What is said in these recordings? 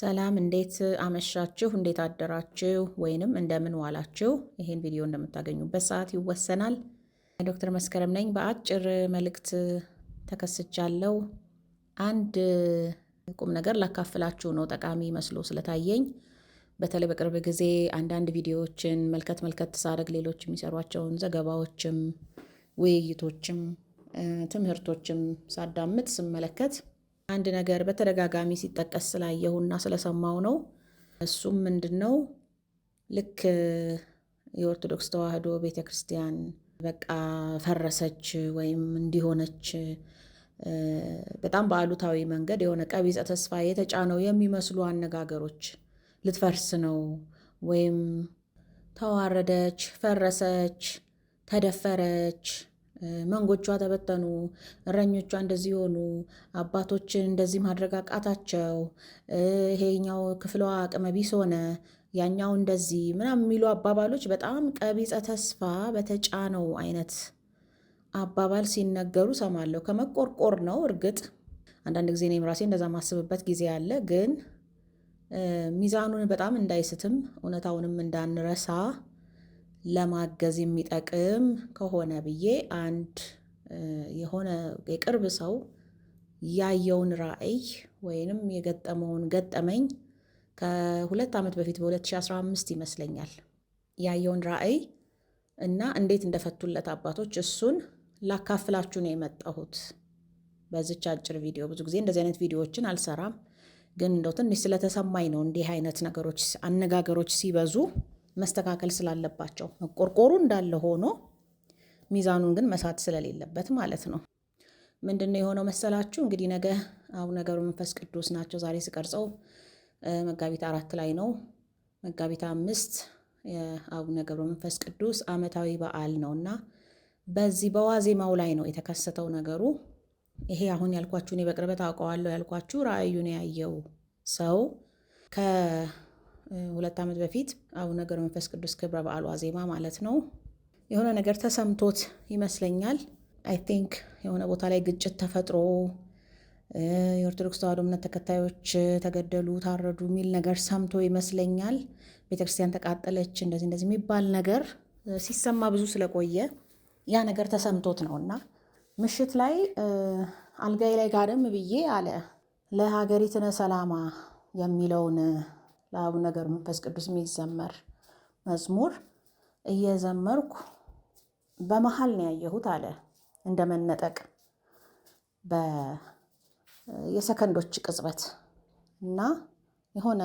ሰላም እንዴት አመሻችሁ፣ እንዴት አደራችሁ፣ ወይንም እንደምን ዋላችሁ። ይህን ቪዲዮ እንደምታገኙበት ሰዓት ይወሰናል። ዶክተር መስከረም ነኝ። በአጭር መልእክት ተከስቻለሁ። አንድ ቁም ነገር ላካፍላችሁ ነው፣ ጠቃሚ መስሎ ስለታየኝ። በተለይ በቅርብ ጊዜ አንዳንድ ቪዲዮዎችን መልከት መልከት ሳደግ ሌሎች የሚሰሯቸውን ዘገባዎችም ውይይቶችም ትምህርቶችም ሳዳምጥ ስመለከት አንድ ነገር በተደጋጋሚ ሲጠቀስ ስላየሁና ስለሰማው ነው። እሱም ምንድን ነው ልክ የኦርቶዶክስ ተዋህዶ ቤተ ክርስቲያን በቃ ፈረሰች ወይም እንዲሆነች በጣም በአሉታዊ መንገድ የሆነ ቀቢጸ ተስፋ የተጫነው የሚመስሉ አነጋገሮች ልትፈርስ ነው ወይም ተዋረደች፣ ፈረሰች፣ ተደፈረች መንጎቿ ተበተኑ፣ እረኞቿ እንደዚህ ሆኑ፣ አባቶችን እንደዚህ ማድረግ አቃታቸው፣ ይሄኛው ክፍለ አቅመ ቢስ ሆነ፣ ያኛው እንደዚህ ምናምን የሚሉ አባባሎች በጣም ቀቢጸ ተስፋ በተጫነው አይነት አባባል ሲነገሩ ሰማለሁ። ከመቆርቆር ነው። እርግጥ አንዳንድ ጊዜ እኔም ራሴ እንደዛ ማስብበት ጊዜ አለ። ግን ሚዛኑን በጣም እንዳይስትም እውነታውንም እንዳንረሳ ለማገዝ የሚጠቅም ከሆነ ብዬ አንድ የሆነ የቅርብ ሰው ያየውን ራዕይ ወይንም የገጠመውን ገጠመኝ ከሁለት ዓመት በፊት በ2015 ይመስለኛል ያየውን ራዕይ እና እንዴት እንደፈቱለት አባቶች እሱን ላካፍላችሁ ነው የመጣሁት። በዚች አጭር ቪዲዮ ብዙ ጊዜ እንደዚህ አይነት ቪዲዮዎችን አልሰራም፣ ግን እንደው ትንሽ ስለተሰማኝ ነው እንዲህ አይነት ነገሮች አነጋገሮች ሲበዙ መስተካከል ስላለባቸው መቆርቆሩ እንዳለ ሆኖ ሚዛኑን ግን መሳት ስለሌለበት ማለት ነው። ምንድን ነው የሆነው መሰላችሁ? እንግዲህ ነገ አቡነ ገብረ መንፈስ ቅዱስ ናቸው። ዛሬ ስቀርጸው መጋቢት አራት ላይ ነው። መጋቢት አምስት የአቡነ ገብረ መንፈስ ቅዱስ ዓመታዊ በዓል ነው እና በዚህ በዋዜማው ላይ ነው የተከሰተው ነገሩ። ይሄ አሁን ያልኳችሁ እኔ በቅርበት አውቀዋለሁ ያልኳችሁ ራእዩን ያየው ሰው ሁለት ዓመት በፊት አቡነ ገብረ መንፈስ ቅዱስ ክብረ በአሉ ዋዜማ ማለት ነው የሆነ ነገር ተሰምቶት ይመስለኛል አይ ቲንክ የሆነ ቦታ ላይ ግጭት ተፈጥሮ የኦርቶዶክስ ተዋህዶ እምነት ተከታዮች ተገደሉ፣ ታረዱ የሚል ነገር ሰምቶ ይመስለኛል። ቤተክርስቲያን ተቃጠለች፣ እንደዚህ እንደዚህ የሚባል ነገር ሲሰማ ብዙ ስለቆየ ያ ነገር ተሰምቶት ነው እና ምሽት ላይ አልጋይ ላይ ጋደም ብዬ አለ ለሀገሪትነ ሰላማ የሚለውን ለአቡነ ነገር መንፈስ ቅዱስ የሚዘመር መዝሙር እየዘመርኩ በመሀል ነው ያየሁት አለ። እንደ መነጠቅ የሰከንዶች ቅጽበት እና የሆነ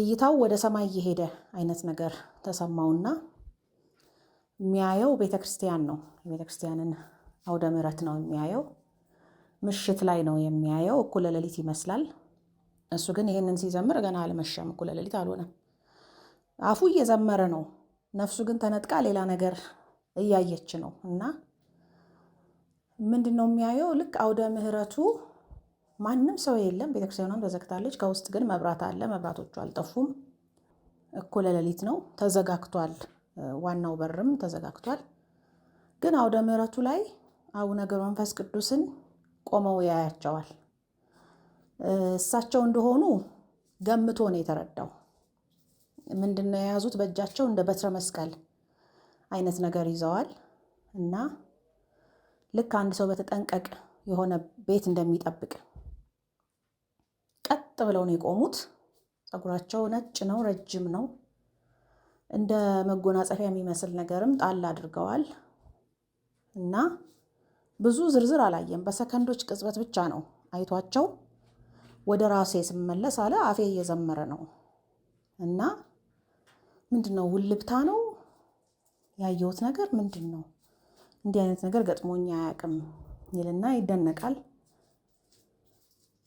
እይታው ወደ ሰማይ እየሄደ አይነት ነገር ተሰማውና የሚያየው ቤተክርስቲያን ነው። የቤተክርስቲያንን አውደ ምሕረት ነው የሚያየው። ምሽት ላይ ነው የሚያየው። እኩለ ሌሊት ይመስላል። እሱ ግን ይህንን ሲዘምር ገና አልመሸም፣ እኩለ ሌሊት አልሆነም። አፉ እየዘመረ ነው፣ ነፍሱ ግን ተነጥቃ ሌላ ነገር እያየች ነው። እና ምንድን ነው የሚያየው? ልክ አውደ ምሕረቱ ማንም ሰው የለም፣ ቤተክርስቲያኗም ተዘግታለች። ከውስጥ ግን መብራት አለ፣ መብራቶቹ አልጠፉም። እኩለ ሌሊት ነው፣ ተዘጋግቷል። ዋናው በርም ተዘጋግቷል። ግን አውደ ምሕረቱ ላይ አቡነ ገብረ መንፈስ ቅዱስን ቆመው ያያቸዋል። እሳቸው እንደሆኑ ገምቶ ነው የተረዳው። ምንድን ነው የያዙት በእጃቸው? እንደ በትረ መስቀል አይነት ነገር ይዘዋል እና ልክ አንድ ሰው በተጠንቀቅ የሆነ ቤት እንደሚጠብቅ ቀጥ ብለው ነው የቆሙት። ፀጉራቸው ነጭ ነው፣ ረጅም ነው። እንደ መጎናጸፊያ የሚመስል ነገርም ጣል አድርገዋል እና ብዙ ዝርዝር አላየም። በሰከንዶች ቅጽበት ብቻ ነው አይቷቸው ወደ ራሴ ስመለስ አለ አፌ እየዘመረ ነው እና ምንድን ነው ውልብታ ነው ያየሁት ነገር ምንድን ነው? እንዲህ አይነት ነገር ገጥሞኝ አያውቅም ይልና ይደነቃል።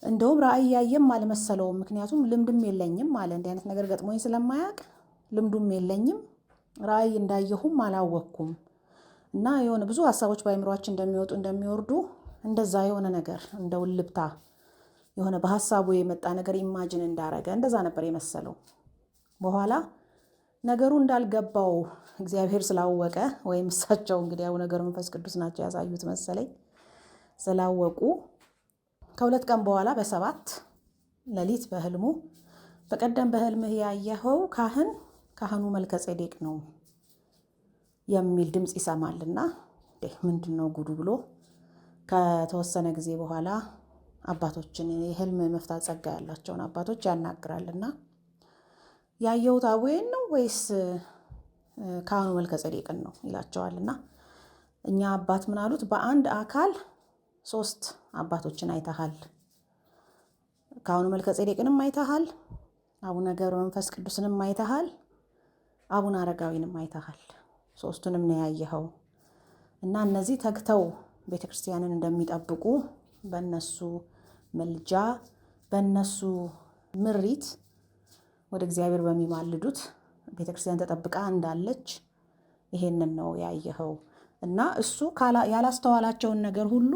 እንደውም ራእይ ያየም አልመሰለውም። ምክንያቱም ልምድም የለኝም አለ እንዲህ አይነት ነገር ገጥሞኝ ስለማያውቅ ልምዱም የለኝም ራእይ እንዳየሁም አላወቅኩም እና የሆነ ብዙ ሀሳቦች በአይምሯችን እንደሚወጡ እንደሚወርዱ እንደዛ የሆነ ነገር እንደ ውልብታ የሆነ በሀሳቡ የመጣ ነገር ኢማጅን እንዳረገ እንደዛ ነበር የመሰለው። በኋላ ነገሩ እንዳልገባው እግዚአብሔር ስላወቀ ወይም እሳቸው እንግዲህ ያው ነገር መንፈስ ቅዱስ ናቸው ያሳዩት መሰለኝ ስላወቁ ከሁለት ቀን በኋላ በሰባት ሌሊት በህልሙ በቀደም በህልምህ ያየኸው ካህን ካህኑ መልከጼዴቅ ነው የሚል ድምፅ ይሰማልና ምንድን ነው ጉዱ ብሎ ከተወሰነ ጊዜ በኋላ አባቶችን የህልም መፍታት ጸጋ ያላቸውን አባቶች ያናግራልና ያየሁት አቡዬን ነው ወይስ ካህኑ መልከ ጼዴቅን ነው ይላቸዋልና እኛ አባት ምን አሉት፣ በአንድ አካል ሶስት አባቶችን አይተሃል። ካህኑ መልከ ጼዴቅንም አይተሃል፣ አቡነ ገብረ መንፈስ ቅዱስንም አይተሃል፣ አቡነ አረጋዊንም አይተሃል። ሶስቱንም ነው ያየኸው እና እነዚህ ተግተው ቤተክርስቲያንን እንደሚጠብቁ በነሱ ምልጃ በነሱ ምሪት ወደ እግዚአብሔር በሚማልዱት ቤተ ክርስቲያን ተጠብቃ እንዳለች ይሄንን ነው ያየኸው። እና እሱ ያላስተዋላቸውን ነገር ሁሉ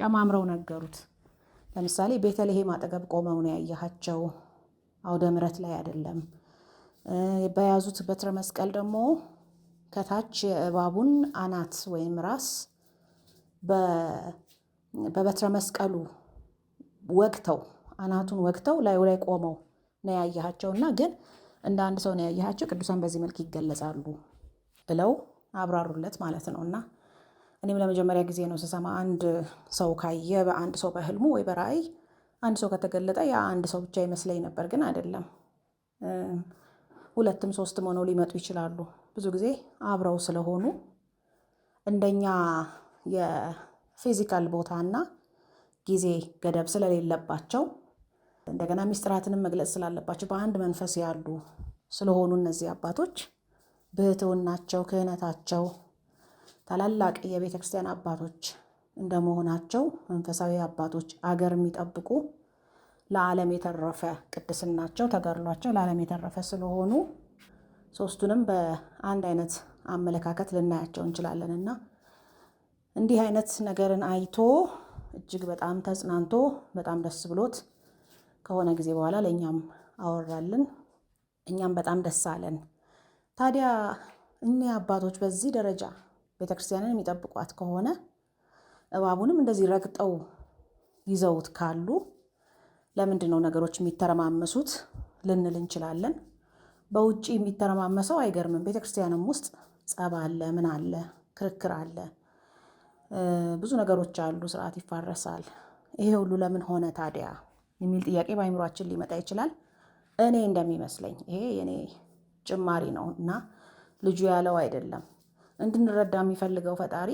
ጨማምረው ነገሩት። ለምሳሌ ቤተልሔም አጠገብ ቆመው ነው ያየሃቸው፣ አውደ ምረት ላይ አይደለም። በያዙት በትረ መስቀል ደግሞ ከታች የእባቡን አናት ወይም ራስ በበትረ መስቀሉ ወግተው አናቱን ወግተው ላዩ ላይ ቆመው ነው እና ግን እንደ አንድ ሰው ነው ያየሃቸው ቅዱሳን በዚህ መልክ ይገለጻሉ ብለው አብራሩለት ማለት ነው እና እኔም ለመጀመሪያ ጊዜ ነው ስሰማ አንድ ሰው ካየ በአንድ ሰው በህልሙ ወይ በራእይ አንድ ሰው ከተገለጠ ያ አንድ ሰው ብቻ ይመስለኝ ነበር፣ ግን አይደለም። ሁለትም ሶስትም ሆነው ሊመጡ ይችላሉ። ብዙ ጊዜ አብረው ስለሆኑ እንደኛ ፊዚካል ቦታና ጊዜ ገደብ ስለሌለባቸው እንደገና ሚስጥራትንም መግለጽ ስላለባቸው በአንድ መንፈስ ያሉ ስለሆኑ እነዚህ አባቶች ብህትውናቸው፣ ክህነታቸው ታላላቅ የቤተ ክርስቲያን አባቶች እንደመሆናቸው መንፈሳዊ አባቶች አገር የሚጠብቁ ለዓለም የተረፈ ቅድስናቸው ተገድሏቸው ለዓለም የተረፈ ስለሆኑ ሶስቱንም በአንድ አይነት አመለካከት ልናያቸው እንችላለንና እንዲህ አይነት ነገርን አይቶ እጅግ በጣም ተጽናንቶ በጣም ደስ ብሎት ከሆነ ጊዜ በኋላ ለእኛም አወራልን፣ እኛም በጣም ደስ አለን። ታዲያ እኒህ አባቶች በዚህ ደረጃ ቤተ ክርስቲያንን የሚጠብቋት ከሆነ እባቡንም እንደዚህ ረግጠው ይዘውት ካሉ ለምንድን ነው ነገሮች የሚተረማመሱት ልንል እንችላለን። በውጭ የሚተረማመሰው አይገርምም። ቤተ ክርስቲያንም ውስጥ ጸብ አለ፣ ምን አለ፣ ክርክር አለ። ብዙ ነገሮች አሉ። ስርዓት ይፋረሳል። ይሄ ሁሉ ለምን ሆነ ታዲያ የሚል ጥያቄ በአይምሯችን ሊመጣ ይችላል። እኔ እንደሚመስለኝ ይሄ የኔ ጭማሪ ነው እና ልጁ ያለው አይደለም። እንድንረዳ የሚፈልገው ፈጣሪ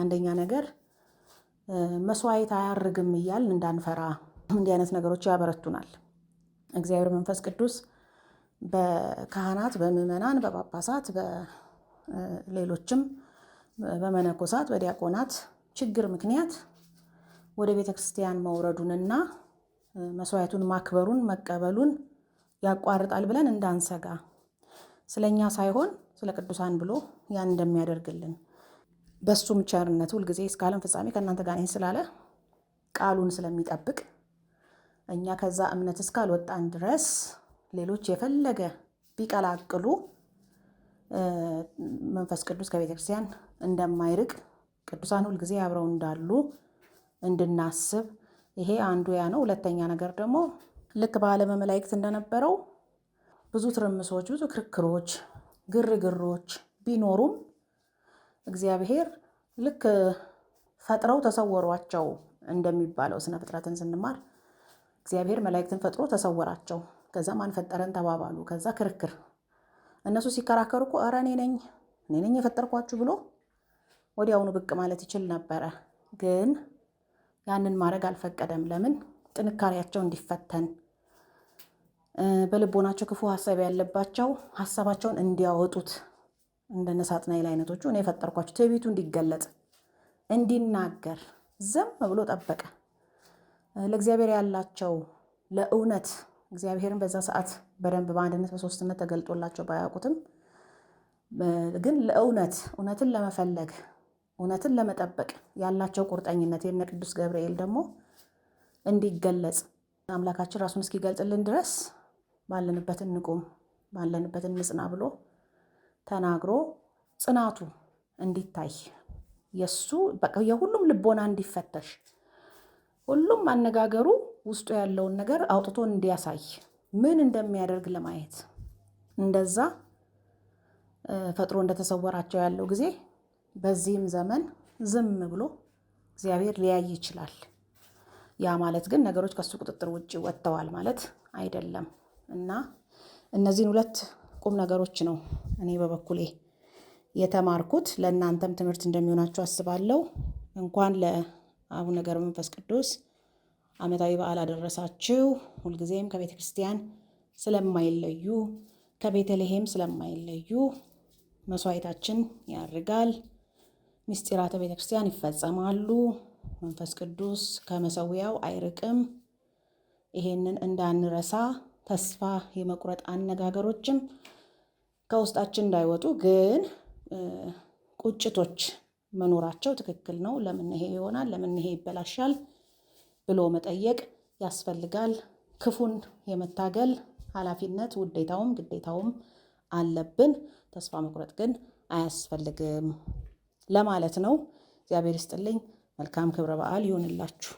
አንደኛ ነገር መስዋዕት አያርግም እያል እንዳንፈራ እንዲህ አይነት ነገሮች ያበረቱናል። እግዚአብሔር መንፈስ ቅዱስ በካህናት፣ በምዕመናን፣ በጳጳሳት፣ በሌሎችም በመነኮሳት በዲያቆናት ችግር ምክንያት ወደ ቤተ ክርስቲያን መውረዱንና መስዋዕቱን ማክበሩን መቀበሉን ያቋርጣል ብለን እንዳንሰጋ ስለኛ ሳይሆን ስለ ቅዱሳን ብሎ ያን እንደሚያደርግልን በሱም ቸርነት ሁልጊዜ እስከ ዓለም ፍጻሜ ከእናንተ ጋር ነኝ ስላለ ቃሉን ስለሚጠብቅ እኛ ከዛ እምነት እስካልወጣን ድረስ ሌሎች የፈለገ ቢቀላቅሉ መንፈስ ቅዱስ ከቤተክርስቲያን እንደማይርቅ ቅዱሳን ሁልጊዜ አብረው እንዳሉ እንድናስብ ይሄ አንዱ ያ ነው። ሁለተኛ ነገር ደግሞ ልክ በዓለመ መላእክት እንደነበረው ብዙ ትርምሶች፣ ብዙ ክርክሮች፣ ግርግሮች ቢኖሩም እግዚአብሔር ልክ ፈጥረው ተሰወሯቸው እንደሚባለው ስነ ፍጥረትን ስንማር እግዚአብሔር መላእክትን ፈጥሮ ተሰወራቸው። ከዛ ማን ፈጠረን ተባባሉ። ከዛ ክርክር እነሱ ሲከራከሩ እኮ ኧረ እኔ ነኝ እኔ ነኝ የፈጠርኳችሁ ብሎ ወዲያውኑ ብቅ ማለት ይችል ነበረ፣ ግን ያንን ማድረግ አልፈቀደም። ለምን? ጥንካሬያቸው እንዲፈተን በልቦናቸው ክፉ ሀሳብ ያለባቸው ሀሳባቸውን እንዲያወጡት እንደነ ሳጥናኤል አይነቶቹ እኔ የፈጠርኳቸው ትዕቢቱ እንዲገለጥ እንዲናገር ዝም ብሎ ጠበቀ። ለእግዚአብሔር ያላቸው ለእውነት እግዚአብሔርን በዛ ሰዓት በደንብ በአንድነት በሶስትነት ተገልጦላቸው ባያውቁትም ግን ለእውነት እውነትን ለመፈለግ እውነትን ለመጠበቅ ያላቸው ቁርጠኝነት የነ ቅዱስ ገብርኤል ደግሞ እንዲገለጽ አምላካችን ራሱን እስኪገልጽልን ድረስ ባለንበት እንቁም፣ ባለንበት እንጽና ብሎ ተናግሮ ጽናቱ እንዲታይ የእሱ በቃ የሁሉም ልቦና እንዲፈተሽ ሁሉም አነጋገሩ ውስጡ ያለውን ነገር አውጥቶ እንዲያሳይ ምን እንደሚያደርግ ለማየት እንደዛ ፈጥሮ እንደተሰወራቸው ያለው ጊዜ በዚህም ዘመን ዝም ብሎ እግዚአብሔር ሊያይ ይችላል። ያ ማለት ግን ነገሮች ከሱ ቁጥጥር ውጭ ወጥተዋል ማለት አይደለም እና እነዚህን ሁለት ቁም ነገሮች ነው እኔ በበኩሌ የተማርኩት። ለእናንተም ትምህርት እንደሚሆናችሁ አስባለሁ። እንኳን ለአቡነ ገብረ መንፈስ ቅዱስ ዓመታዊ በዓል አደረሳችሁ። ሁልጊዜም ከቤተ ክርስቲያን ስለማይለዩ ከቤተልሔም ስለማይለዩ መስዋዕታችን ያርጋል። ምስጢራተ ቤተ ክርስቲያን ይፈጸማሉ። መንፈስ ቅዱስ ከመሰዊያው አይርቅም። ይሄንን እንዳንረሳ ተስፋ የመቁረጥ አነጋገሮችም ከውስጣችን እንዳይወጡ ግን ቁጭቶች መኖራቸው ትክክል ነው። ለምን ይሄ ይሆናል? ለምን ይሄ ይበላሻል? ብሎ መጠየቅ ያስፈልጋል። ክፉን የመታገል ኃላፊነት ውዴታውም ግዴታውም አለብን። ተስፋ መቁረጥ ግን አያስፈልግም። ለማለት ነው። እግዚአብሔር ይስጥልኝ። መልካም ክብረ በዓል ይሆንላችሁ።